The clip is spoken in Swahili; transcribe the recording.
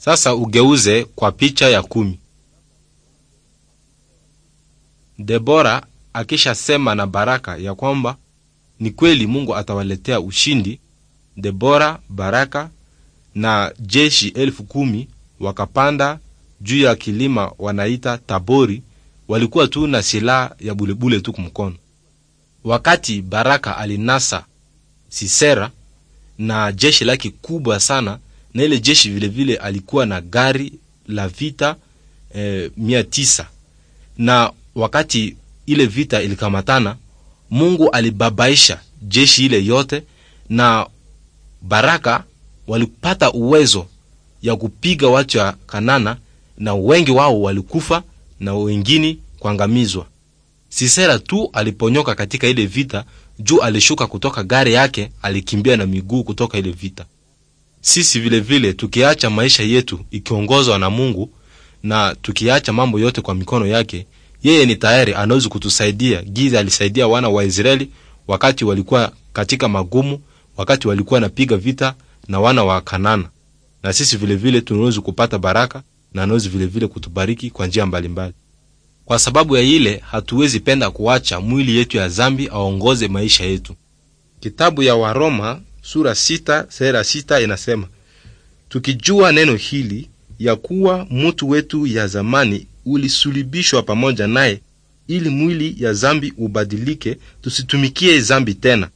Sasa ugeuze kwa picha ya kumi. Debora akishasema na Baraka ya kwamba ni kweli Mungu atawaletea ushindi, Debora, Baraka na jeshi elfu kumi wakapanda juu ya kilima wanaita Tabori. Walikuwa tu na silaha ya bulebule tu kumkono. Wakati Baraka alinasa Sisera na jeshi lake kubwa sana na ile jeshi vilevile vile alikuwa na gari la vita e, mia tisa na wakati ile vita ilikamatana, Mungu alibabaisha jeshi ile yote, na Baraka walipata uwezo ya kupiga watu wa Kanana, na wengi wao walikufa na wengine kuangamizwa. Sisera tu aliponyoka katika ile vita juu alishuka kutoka gari yake, alikimbia na miguu kutoka ile vita sisi vile vile tukiacha maisha yetu ikiongozwa na Mungu na tukiacha mambo yote kwa mikono yake, yeye ni tayari anaweza kutusaidia giza alisaidia wana wa Israeli wakati walikuwa katika magumu, wakati walikuwa napiga vita na wana wa Kanana. Na sisi vile vile tunaweza kupata baraka na anaweza vile vile kutubariki kwa njia mbalimbali. Kwa sababu ya ile, hatuwezi penda kuacha mwili yetu ya zambi aongoze maisha yetu. Kitabu ya Waroma sura sita sera sita inasema, tukijua neno hili ya kuwa mutu wetu ya zamani ulisulibishwa pamoja naye, ili mwili ya zambi ubadilike, tusitumikie zambi tena,